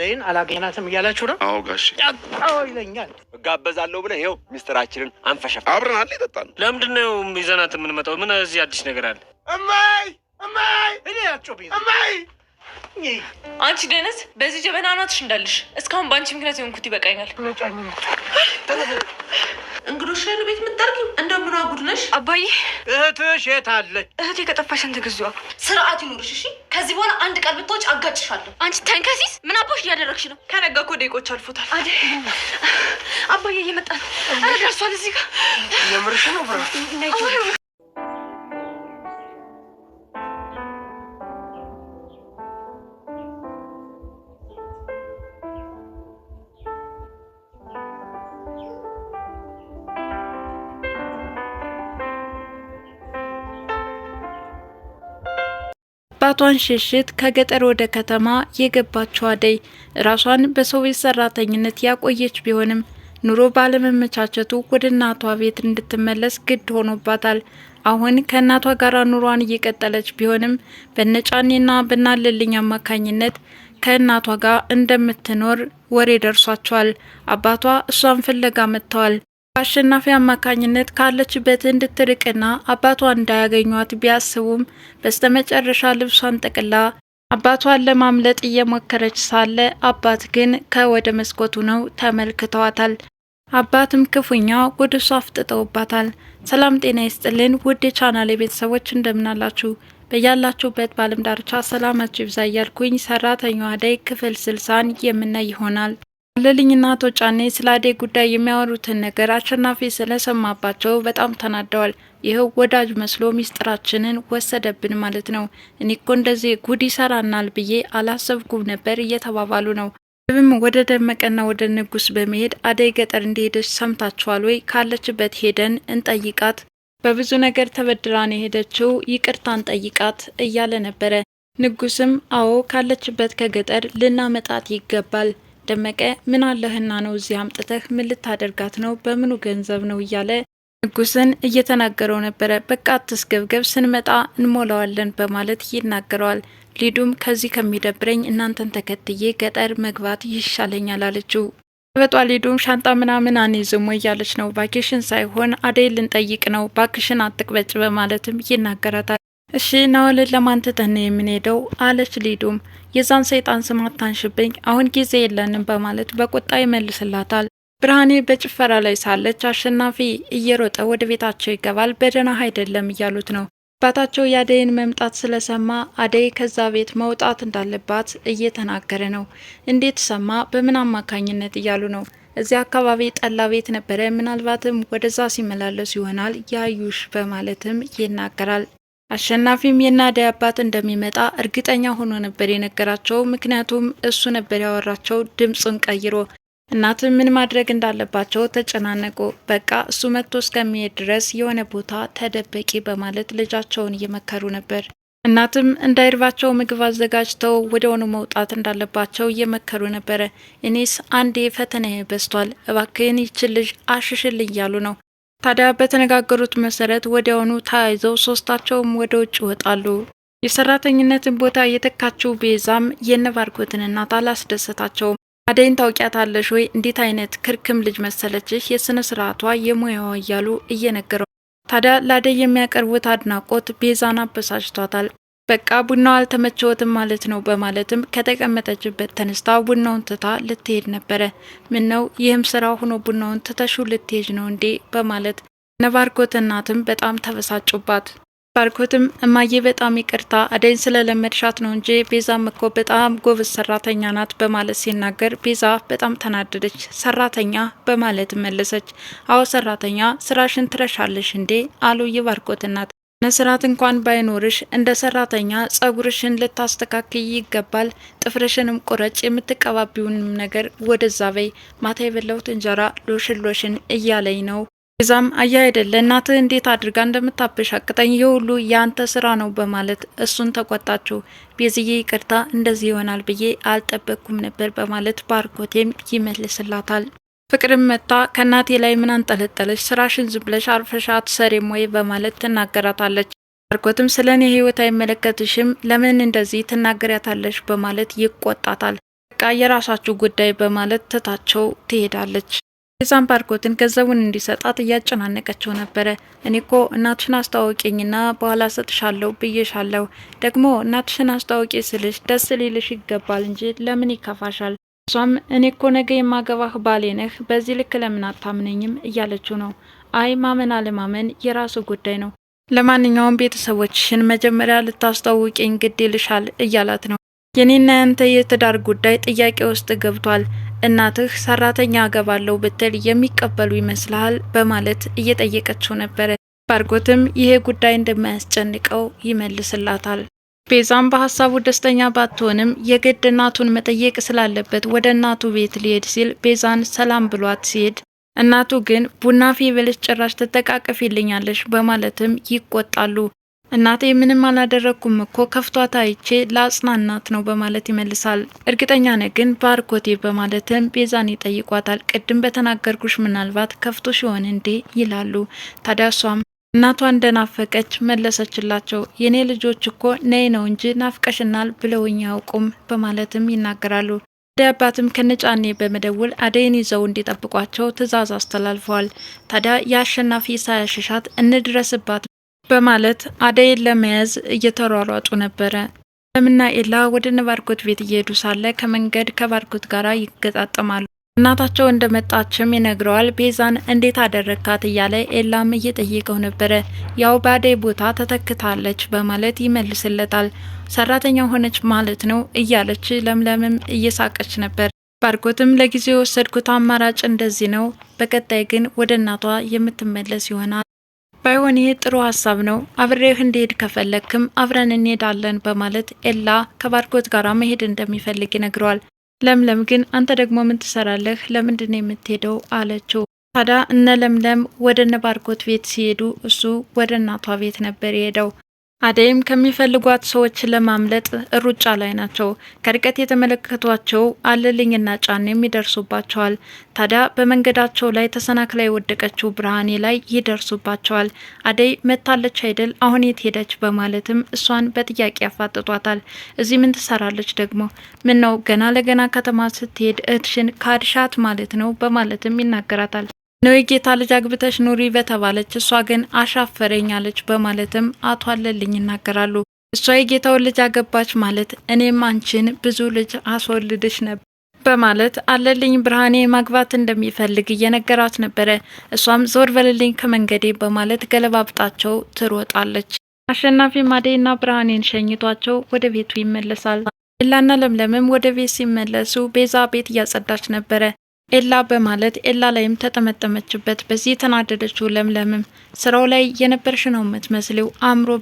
አደይን አላገኘናትም እያላችሁ ነው? አዎ ጋሽ ጫጣው ይለኛል እጋበዛለሁ ብለህ ይኸው ሚስጥራችንን አንፈሸፍ አብረን አለ ይጠጣ ነው። ለምንድን ነው ይዘናት የምንመጣው? ምን እዚህ አዲስ ነገር አለ? እማይ እማይ እኔ ያቸው ያጮብኝ እማይ አንቺ ደነስ በዚህ ጀበና አናትሽ እንዳለሽ እስካሁን በአንቺ ምክንያት የሆንኩት ይበቃኛል። እንግዶች ሻይሉ ቤት የምታርጊው እንደምኗ ጉድ ነሽ። አባዬ እህትሽ የት አለች? እህቴ ከጠፋሽ ስንት ጊዜዋ። ስርዓት ይኑርሽ እሺ። ከዚህ በኋላ አንድ ቀን ብታወጪ አጋጭሻለሁ። አንቺ ተንከሲስ ምን አባሽ እያደረግሽ ነው? ከነጋ እኮ ደቂቆች አልፎታል። አደ አባዬ እየመጣ ነው። ደርሷል እዚህ ጋር። የምርሽ ነው? የቅጣቷን ሽሽት ከገጠር ወደ ከተማ የገባችው አደይ ራሷን በሰው ቤት ሰራተኝነት ያቆየች ቢሆንም ኑሮ ባለመመቻቸቱ ወደ እናቷ ቤት እንድትመለስ ግድ ሆኖባታል። አሁን ከእናቷ ጋር ኑሯን እየቀጠለች ቢሆንም በነጫኔና በናልልኝ አማካኝነት ከእናቷ ጋር እንደምትኖር ወሬ ደርሷቸዋል። አባቷ እሷን ፍለጋ መጥተዋል። በአሸናፊ አማካኝነት ካለችበት እንድትርቅና አባቷ እንዳያገኟት ቢያስቡም በስተመጨረሻ ልብሷን ጠቅላ አባቷን ለማምለጥ እየሞከረች ሳለ አባት ግን ከወደ መስኮቱ ነው ተመልክተዋታል። አባትም ክፉኛ ወደ እሷ አፍጥጠውባታል። ሰላም ጤና ይስጥልን ውድ የቻናሌ ቤተሰቦች እንደምናላችሁ በያላችሁበት በዓለም ዳርቻ ሰላማችሁ ይብዛ እያልኩኝ ሰራተኛዋ አደይ ክፍል ስልሳን የምናይ ይሆናል። አለልኝና አቶ ጫኔ ስለ አደይ ጉዳይ የሚያወሩትን ነገር አሸናፊ ስለሰማባቸው በጣም ተናደዋል። ይኸው ወዳጅ መስሎ ሚስጥራችንን ወሰደብን ማለት ነው። እኔ እኮ እንደዚህ ጉድ ይሰራናል ብዬ አላሰብኩም ነበር እየተባባሉ ነው። ብም ወደ ደመቀና ወደ ንጉስ በመሄድ አደይ ገጠር እንደሄደች ሰምታችኋል ወይ? ካለችበት ሄደን እንጠይቃት፣ በብዙ ነገር ተበድራን የሄደችው ይቅርታን ጠይቃት እያለ ነበረ። ንጉስም አዎ ካለችበት ከገጠር ልናመጣት ይገባል ደመቀ ምን አለህና ነው እዚህ አምጥተህ ምን ልታደርጋት ነው? በምኑ ገንዘብ ነው? እያለ ንጉስን እየተናገረው ነበረ። በቃ አትስገብገብ፣ ስንመጣ እንሞላዋለን በማለት ይናገረዋል። ሊዱም ከዚህ ከሚደብረኝ እናንተን ተከትዬ ገጠር መግባት ይሻለኛል አለችው። በጧ ሊዱም ሻንጣ ምናምን አንይዝም እያለች ነው። ቫኬሽን ሳይሆን አደይ ልንጠይቅ ነው፣ ባክሽን አትቅበጭ በማለትም ይናገራታል። እሺ ናወልን ለማንተተን ነው የምንሄደው አለች ሊዱም። የዛን ሰይጣን ስም አታንሽብኝ፣ አሁን ጊዜ የለንም በማለት በቁጣ ይመልስላታል። ብርሃኔ በጭፈራ ላይ ሳለች አሸናፊ እየሮጠ ወደ ቤታቸው ይገባል። በደህና አይደለም እያሉት ነው። አባታቸው የአደይን መምጣት ስለሰማ አደይ ከዛ ቤት መውጣት እንዳለባት እየተናገረ ነው። እንዴት ሰማ? በምን አማካኝነት እያሉ ነው። እዚያ አካባቢ ጠላ ቤት ነበረ፣ ምናልባትም ወደዛ ሲመላለሱ ይሆናል ያዩሽ በማለትም ይናገራል። አሸናፊም የናዳይ አባት እንደሚመጣ እርግጠኛ ሆኖ ነበር የነገራቸው። ምክንያቱም እሱ ነበር ያወራቸው ድምፁን ቀይሮ። እናትም ምን ማድረግ እንዳለባቸው ተጨናነቁ። በቃ እሱ መጥቶ እስከሚሄድ ድረስ የሆነ ቦታ ተደበቂ በማለት ልጃቸውን እየመከሩ ነበር። እናትም እንዳይርባቸው ምግብ አዘጋጅተው ወደሆኑ መውጣት እንዳለባቸው እየመከሩ ነበረ። እኔስ አንዴ ፈተና በስቷል፣ እባክህን ይችን ልጅ አሽሽል እያሉ ነው። ታዲያ በተነጋገሩት መሰረት ወዲያውኑ ተያይዘው ሶስታቸውም ወደ ውጭ ይወጣሉ። የሰራተኝነትን ቦታ የተካችው ቤዛም የነባርኮትን እናት አላስደሰታቸውም። አደይን ታውቂያታለሽ ወይ? እንዴት አይነት ክርክም ልጅ መሰለችሽ? የስነ ስርዓቷ የሙያዋ እያሉ እየነገረው ታዲያ ለአደይ የሚያቀርቡት አድናቆት ቤዛን አበሳጭቷታል። በቃ ቡናው አልተመቸወትም ማለት ነው በማለትም ከተቀመጠችበት ተነስታ ቡናውን ትታ ልትሄድ ነበረ። ምን ነው ይህም ስራ ሆኖ ቡናውን ትተሹ ልትሄድ ነው እንዴ? በማለት ነባርኮት እናትም በጣም ተበሳጩባት። ባርኮትም እማዬ በጣም ይቅርታ አደይን ስለለመድሻት ነው እንጂ ቤዛም እኮ በጣም ጎበዝ ሰራተኛ ናት በማለት ሲናገር ቤዛ በጣም ተናደደች። ሰራተኛ በማለት መለሰች። አዎ ሰራተኛ ስራሽን ትረሻለሽ እንዴ አሉ የባርኮት እናት። ነስራት እንኳን ባይኖርሽ እንደ ሰራተኛ ጸጉርሽን ልታስተካክይ ይገባል። ጥፍርሽንም ቁረጭ፣ የምትቀባቢውንም ነገር ወደዛ በይ። ማታ የበላሁት እንጀራ ሎሽን ሎሽን እያለኝ ነው። እዛም አያ አይደለ እናትህ እንዴት አድርጋ እንደምታበሻቅጠኝ የሁሉ የአንተ ስራ ነው በማለት እሱን ተቆጣችው። ቤዝዬ ይቅርታ፣ እንደዚህ ይሆናል ብዬ አልጠበቅኩም ነበር በማለት ባርኮቴም ይመልስላታል። ፍቅርም መታ ከእናቴ ላይ ምን አንጠለጠለች? ስራሽን ዝም ብለሽ አርፈሽ አትሰሪም ወይ? በማለት ትናገራታለች። ባርኮትም ስለ እኔ ህይወት አይመለከትሽም፣ ለምን እንደዚህ ትናገሪያታለሽ? በማለት ይቆጣታል። በቃ የራሳችሁ ጉዳይ በማለት ትታቸው ትሄዳለች። የዛም ባርኮትን ገንዘቡን እንዲሰጣት እያጨናነቀችው ነበረ። እኔ ኮ እናትሽን አስተዋወቂኝና በኋላ ሰጥሻለሁ ብዬሻለሁ። ደግሞ እናትሽን አስታወቂ ስልሽ ደስ ሊልሽ ይገባል እንጂ ለምን ይከፋሻል? እሷም እኔ እኮ ነገ የማገባህ ባሌ ነህ፣ በዚህ ልክ ለምን አታምነኝም እያለችው ነው። አይ ማመን አለማመን የራሱ ጉዳይ ነው። ለማንኛውም ቤተሰቦችሽን መጀመሪያ ልታስተዋውቂኝ ግድ ይልሻል እያላት ነው። የኔና ያንተ የትዳር ጉዳይ ጥያቄ ውስጥ ገብቷል። እናትህ ሰራተኛ አገባለሁ ብትል የሚቀበሉ ይመስልሃል? በማለት እየጠየቀችው ነበረ። ባርጎትም ይሄ ጉዳይ እንደማያስጨንቀው ይመልስላታል። ቤዛም በሀሳቡ ደስተኛ ባትሆንም የግድ እናቱን መጠየቅ ስላለበት ወደ እናቱ ቤት ሊሄድ ሲል ቤዛን ሰላም ብሏት ሲሄድ እናቱ ግን ቡና ፊ ጭራሽ ትጠቃቀፊልኛለሽ በማለትም ይቆጣሉ። እናቴ ምንም አላደረግኩም እኮ ከፍቷት አይቼ ለአጽናናት ነው በማለት ይመልሳል። እርግጠኛ ነ ግን ባርኮቴ በማለትም ቤዛን ይጠይቋታል። ቅድም በተናገርኩሽ ምናልባት ከፍቶሽ ይሆን እንዴ ይላሉ። ታዲያ እሷም እናቷ እንደናፈቀች መለሰችላቸው። የኔ ልጆች እኮ ነይ ነው እንጂ ናፍቀሽናል ብለውኝ ያውቁም በማለትም ይናገራሉ። ወደ አባትም ከነጫኔ በመደወል አደይን ይዘው እንዲጠብቋቸው ትዕዛዝ አስተላልፈዋል። ታዲያ የአሸናፊ ሳያሸሻት እንድረስባት በማለት አደይን ለመያዝ እየተሯሯጡ ነበረ። ለምና ኤላ ወደ ነባርኮት ቤት እየሄዱ ሳለ ከመንገድ ከባርኮት ጋር ይገጣጠማሉ። እናታቸው እንደመጣችም ይነግረዋል። ቤዛን እንዴት አደረግካት እያለ ኤላም እየጠየቀው ነበረ። ያው በአደይ ቦታ ተተክታለች በማለት ይመልስለታል። ሰራተኛ ሆነች ማለት ነው እያለች ለምለምም እየሳቀች ነበር። ባርኮትም ለጊዜው የወሰድኩት አማራጭ እንደዚህ ነው፣ በቀጣይ ግን ወደ እናቷ የምትመለስ ይሆናል። ባይሆን ይህ ጥሩ ሀሳብ ነው፣ አብሬህ እንዲሄድ ከፈለክም አብረን እንሄዳለን በማለት ኤላ ከባርኮት ጋር መሄድ እንደሚፈልግ ይነግረዋል። ለምለም ግን አንተ ደግሞ ምን ትሰራለህ? ለምንድን ነው የምትሄደው? አለችው። ታዲያ እነ ለምለም ወደ እነ ባርኮት ቤት ሲሄዱ እሱ ወደ እናቷ ቤት ነበር የሄደው። አደይም ከሚፈልጓት ሰዎች ለማምለጥ ሩጫ ላይ ናቸው። ከርቀት የተመለከቷቸው አለልኝና ጫኔም ይደርሱባቸዋል። ታዲያ በመንገዳቸው ላይ ተሰናክላ የወደቀችው ብርሃኔ ላይ ይደርሱባቸዋል። አደይ መታለች አይደል አሁን የት ሄደች በማለትም እሷን በጥያቄ ያፋጥጧታል። እዚህ ምን ትሰራለች ደግሞ? ምን ነው ገና ለገና ከተማ ስትሄድ እህትሽን ካድሻት ማለት ነው በማለትም ይናገራታል። ነው የጌታ ልጅ አግብተሽ ኑሪ በተባለች እሷ ግን አሻፈረኛለች በማለትም አቶ አለልኝ ይናገራሉ። እሷ የጌታውን ልጅ አገባች ማለት እኔም አንቺን ብዙ ልጅ አስወልድሽ ነበር በማለት አለልኝ ብርሃኔ ማግባት እንደሚፈልግ እየነገራት ነበረ። እሷም ዞር በልልኝ ከመንገዴ በማለት ገለባብጣቸው ትሮጣለች። አሸናፊ ማዴና ብርሃኔን ሸኝቷቸው ወደ ቤቱ ይመለሳል። ላና ለምለምም ወደ ቤት ሲመለሱ ቤዛ ቤት እያጸዳች ነበረ። ኤላ በማለት ኤላ ላይም ተጠመጠመችበት። በዚህ የተናደደችው ለምለምም ስራው ላይ የነበርሽ ነው የምትመስለው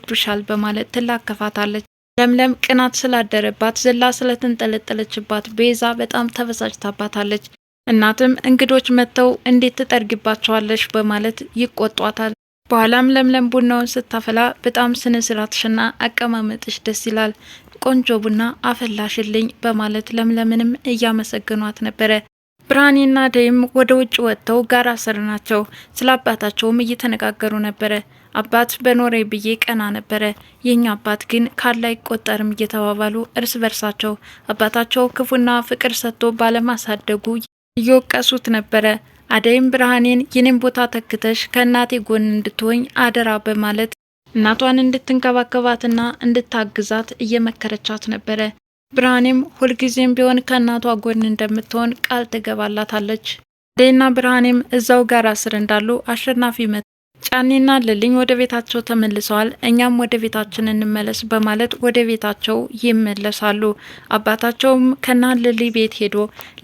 ብዱሻል በማለት ትላከፋታለች። ለምለም ቅናት ስላደረባት ዘላ ስለተንጠለጠለችባት ቤዛ በጣም ተበሳጭታባታለች። እናትም እንግዶች መጥተው እንዴት ትጠርግባቸዋለሽ በማለት ይቆጧታል። በኋላም ለምለም ቡናውን ስታፈላ በጣም ስነ ስርዓትሽና አቀማመጥሽ ደስ ይላል፣ ቆንጆ ቡና አፈላሽልኝ በማለት ለምለምንም እያመሰገኗት ነበረ። ብርሃኔና ደይም ወደ ውጭ ወጥተው ጋራ ስር ናቸው። ስለ አባታቸውም እየተነጋገሩ ነበረ። አባት በኖሬ ብዬ ቀና ነበረ፣ የኛ አባት ግን ካለ አይቆጠርም እየተባባሉ እርስ በርሳቸው አባታቸው ክፉና ፍቅር ሰጥቶ ባለማሳደጉ እየወቀሱት ነበረ። አደይም ብርሃኔን የኔን ቦታ ተክተሽ ከእናቴ ጎን እንድትሆኝ አደራ በማለት እናቷን እንድትንከባከባትና እንድታግዛት እየመከረቻት ነበረ። ብርሃኔም ሁልጊዜም ቢሆን ከእናቷ ጎን እንደምትሆን ቃል ትገባላታለች። አደይና ብርሃኔም እዛው ጋር ስር እንዳሉ አሸናፊ መት ጫኔና ልልኝ ወደ ቤታቸው ተመልሰዋል። እኛም ወደ ቤታችን እንመለስ በማለት ወደ ቤታቸው ይመለሳሉ። አባታቸውም ከና ልሊ ቤት ሄዶ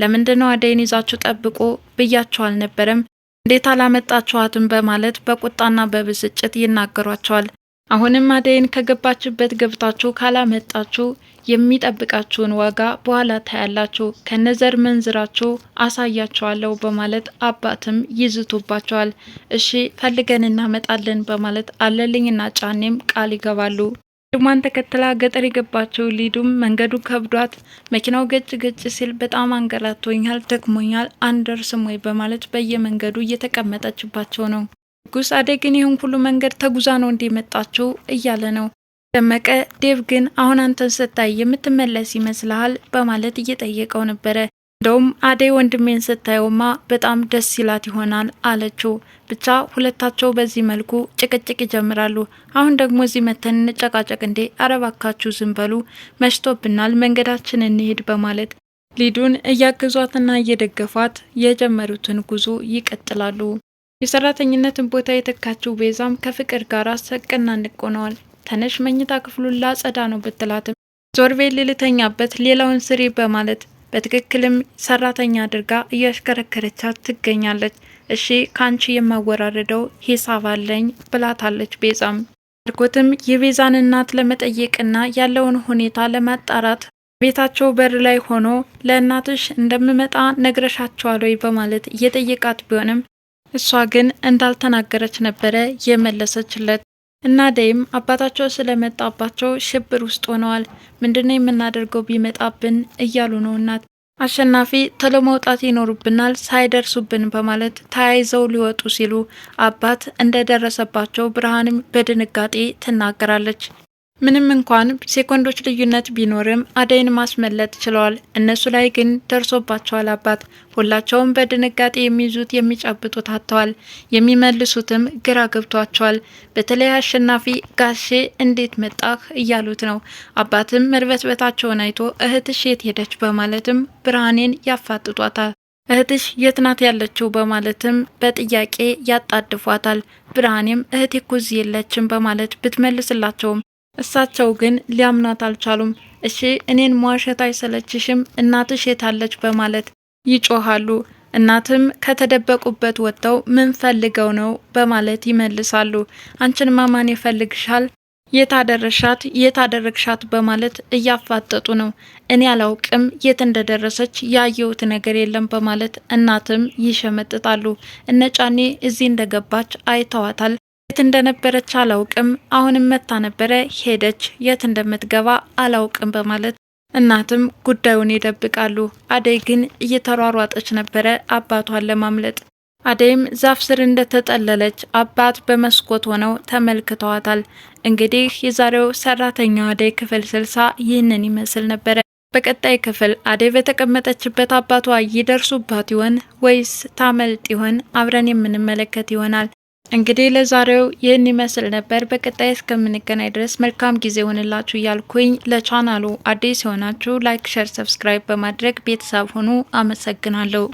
ለምንድነው አደይን ይዛችሁ ጠብቆ ብያቸው አልነበረም እንዴት አላመጣችኋትም? በማለት በቁጣና በብስጭት ይናገሯቸዋል። አሁንም አደይን ከገባችበት ገብታችሁ ካላመጣችሁ የሚጠብቃችሁን ዋጋ በኋላ ታያላችሁ፣ ከነዘር መንዝራችሁ አሳያችኋለሁ በማለት አባትም ይዝቱባቸዋል። እሺ ፈልገን እናመጣለን በማለት አለልኝና ጫኔም ቃል ይገባሉ። ድማን ተከትላ ገጠር የገባችው ሊዱም መንገዱ ከብዷት መኪናው ገጭ ገጭ ሲል በጣም አንገላቶኛል፣ ደክሞኛል፣ አንደርስም ወይ በማለት በየመንገዱ እየተቀመጠችባቸው ነው። ንጉስ አደይ ግን ይህን ሁሉ መንገድ ተጉዛ ነው እንዴ መጣችው እያለ ነው። ደመቀ ዴቭ ግን አሁን አንተን ስታይ የምትመለስ ይመስልሃል በማለት እየጠየቀው ነበረ። እንደውም አደይ ወንድሜን ስታየውማ በጣም ደስ ይላት ይሆናል አለችው። ብቻ ሁለታቸው በዚህ መልኩ ጭቅጭቅ ይጀምራሉ። አሁን ደግሞ እዚህ መተን እንጨቃጨቅ እንዴ? አረባካችሁ ዝም በሉ፣ መሽቶብናል፣ መንገዳችን እንሄድ በማለት ሊዱን እያገዟትና እየደገፏት የጀመሩትን ጉዞ ይቀጥላሉ። የሰራተኝነትን ቦታ የተካችው ቤዛም ከፍቅር ጋር ሰቀናንቅ ሆነዋል። ተነሽ መኝታ ክፍሉን ላጸዳ ነው ብትላትም ዞርቤል ልልተኛበት ሌላውን ስሪ በማለት በትክክልም ሰራተኛ አድርጋ እያሽከረከረቻት ትገኛለች። እሺ ከአንቺ የማወራረደው ሂሳብ አለኝ ብላታለች። ቤዛም አርጎትም የቤዛን እናት ለመጠየቅና ያለውን ሁኔታ ለማጣራት ቤታቸው በር ላይ ሆኖ ለእናትሽ እንደምመጣ ነግረሻቸዋል ወይ በማለት እየጠየቃት ቢሆንም እሷ ግን እንዳልተናገረች ነበረ የመለሰችለት። እና ደይም አባታቸው ስለመጣባቸው ሽብር ውስጥ ሆነዋል። ምንድነው የምናደርገው ቢመጣብን እያሉ ነው እናት አሸናፊ ቶሎ መውጣት ይኖሩብናል ሳይደርሱብን በማለት ተያይዘው ሊወጡ ሲሉ አባት እንደደረሰባቸው ብርሃንም በድንጋጤ ትናገራለች። ምንም እንኳን ሴኮንዶች ልዩነት ቢኖርም አደይን ማስመለጥ ችለዋል። እነሱ ላይ ግን ደርሶባቸዋል። አባት ሁላቸውም በድንጋጤ የሚይዙት የሚጨብጡት አጥተዋል። የሚመልሱትም ግራ ገብቷቸዋል። በተለይ አሸናፊ ጋሼ እንዴት መጣህ እያሉት ነው። አባትም መርበትበታቸውን አይቶ እህትሽ የት ሄደች በማለትም ብርሃኔን ያፋጥጧታል። እህትሽ የት ናት ያለችው በማለትም በጥያቄ ያጣድፏታል። ብርሃኔም እህቴ ኩዝ የለችም በማለት ብትመልስላቸውም እሳቸው ግን ሊያምናት አልቻሉም። እሺ እኔን መዋሸት አይሰለችሽም? እናትሽ የታለች በማለት ይጮሃሉ። እናትም ከተደበቁበት ወጥተው ምን ፈልገው ነው በማለት ይመልሳሉ። አንቺን ማማን ይፈልግሻል? የታደረሻት የታደረግሻት በማለት እያፋጠጡ ነው። እኔ አላውቅም የት እንደደረሰች ያየሁት ነገር የለም በማለት እናትም ይሸመጥጣሉ። እነ ጫኔ እዚህ እንደገባች አይተዋታል የት እንደነበረች አላውቅም። አሁንም መታ ነበረ ሄደች፣ የት እንደምትገባ አላውቅም በማለት እናትም ጉዳዩን ይደብቃሉ። አደይ ግን እየተሯሯጠች ነበረ አባቷን ለማምለጥ። አደይም ዛፍ ስር እንደተጠለለች አባት በመስኮት ሆነው ተመልክተዋታል። እንግዲህ የዛሬው ሰራተኛ አደይ ክፍል ስልሳ ይህንን ይመስል ነበረ። በቀጣይ ክፍል አደይ በተቀመጠችበት አባቷ ይደርሱባት ይሆን ወይስ ታመልጥ ይሆን? አብረን የምንመለከት ይሆናል። እንግዲህ ለዛሬው ይህን ይመስል ነበር። በቀጣይ እስከምንገናኝ ድረስ መልካም ጊዜ ሆንላችሁ እያልኩኝ ለቻናሉ አዲስ የሆናችሁ ላይክ፣ ሸር፣ ሰብስክራይብ በማድረግ ቤተሰብ ሆኑ። አመሰግናለሁ።